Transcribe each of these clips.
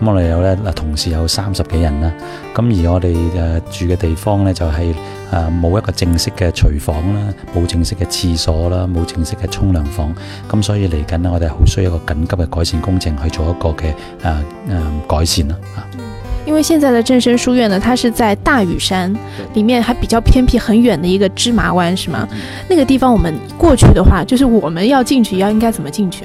咁我哋有咧嗱，同事有三十幾人啦。咁而我哋誒住嘅地方咧就係誒冇一個正式嘅廚房啦，冇正式嘅廁所啦，冇正式嘅沖涼房。咁所以嚟緊呢，我哋好需要一個緊急嘅改善工程去做一個嘅誒誒改善啦。因為現在嘅正生書院呢，它是在大嶼山裏面，還比較偏僻、很遠的一個芝麻灣，是嗎？那個地方我們過去的話，就是我們要進去，要應該怎麼進去？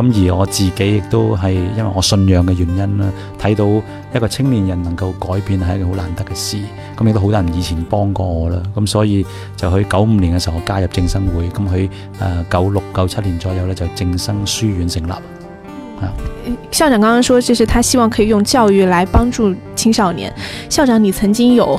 咁而我自己亦都係因為我信仰嘅原因啦，睇到一個青年人能夠改變係一件好難得嘅事，咁亦都好多人以前幫過我啦，咁所以就喺九五年嘅時候我加入正生會，咁喺誒九六九七年左右咧就正生書院成立。校長剛剛說，就是他希望可以用教育來幫助青少年。校長，你曾經有？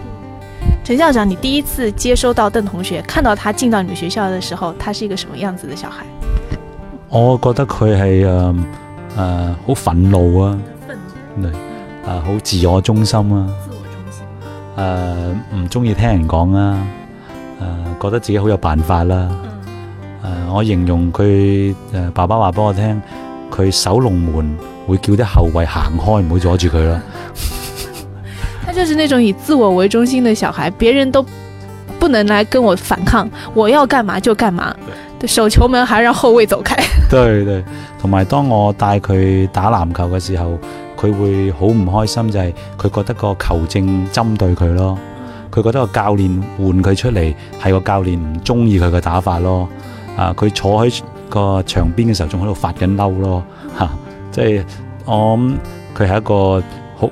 陳校長，你第一次接收到鄧同學，看到他進到你們學校的時候，他是一個什麼樣子的小孩？我覺得佢係誒誒好憤怒啊，對，誒誒好自我中心啊，誒唔中意聽人講啊，誒、呃、覺得自己好有辦法啦、啊，誒、嗯呃、我形容佢誒、呃、爸爸話俾我聽，佢守龍門會叫啲後衛行開，唔好阻住佢啦。嗯 他就是那種以自我為中心的小孩，別人都不能來跟我反抗，我要幹嘛就幹嘛。對手球門還讓後衛走開。對對，同埋當我帶佢打籃球嘅時候，佢會好唔開心，就係、是、佢覺得個球證針對佢咯，佢覺得個教練換佢出嚟係個教練唔中意佢嘅打法咯。啊，佢坐喺個場邊嘅時候仲喺度發緊嬲咯，吓、啊，即係我諗佢係一個。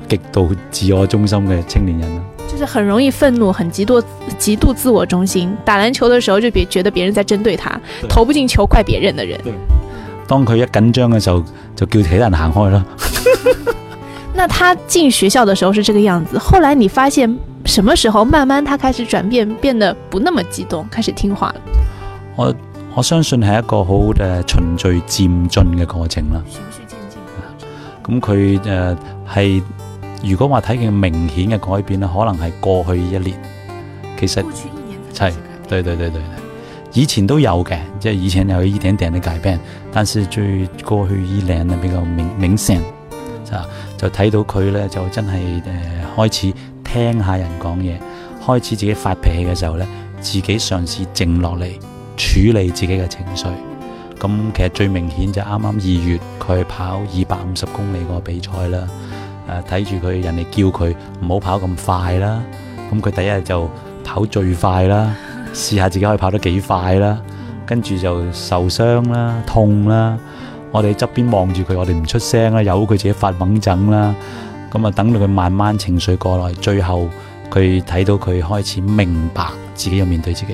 極度自我中心嘅青年人就是很容易憤怒，很極度極度自我中心。打籃球嘅時候就別覺得別人在針對他，對，投不進球怪別人的人。當佢一緊張嘅時候，就叫其他人行開啦。 那他進學校的時候是這個樣子，後來你發現什麼時候慢慢他開始轉變，變得不那麼激動，開始聽話？我我相信係一個好誒循序漸進嘅過程啦，循序漸進。咁佢誒。係如果話睇見明顯嘅改變咧，可能係過去一年，其實係對對對對，以前都有嘅，即係以前又有一點點嘅改變，但是最過去一年咧比較明明顯，就睇到佢咧就真係誒、呃、開始聽下人講嘢，開始自己發脾氣嘅時候咧，自己嘗試靜落嚟，處理自己嘅情緒，咁其實最明顯就啱啱二月佢跑二百五十公里的個比賽啦。誒睇住佢，人哋叫佢唔好跑咁快啦，咁佢第一日就跑最快啦，試下自己可以跑得幾快啦，跟住就受傷啦、痛啦，我哋側邊望住佢，我哋唔出聲啦，由佢自己發猛症啦，咁啊等到佢慢慢情緒過來，最後佢睇到佢開始明白自己要面對自己。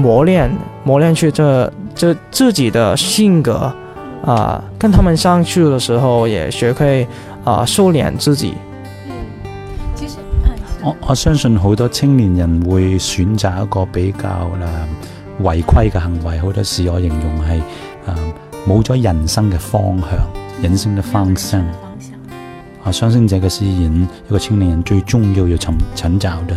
磨練，磨練去這，這這自己的性格，啊，跟他們相處的時候也學會，啊，收斂自己。嗯、其實、嗯、我我相信好多青年人會選擇一個比較咧、呃、違規嘅行為，好多時我形容係，誒、呃，冇咗人生嘅方向，人生嘅方向，嗯、我相信這個思想，一個青年人最重要要尋尋找嘅。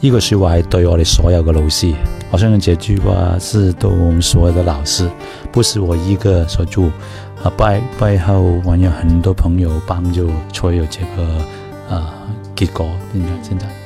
呢個說話係對我哋所有嘅老師，我相信這句話是對我們所有嘅老師，不是我一個所做，啊，背背後還有很多朋友幫助才有這個，啊，結果，應該現在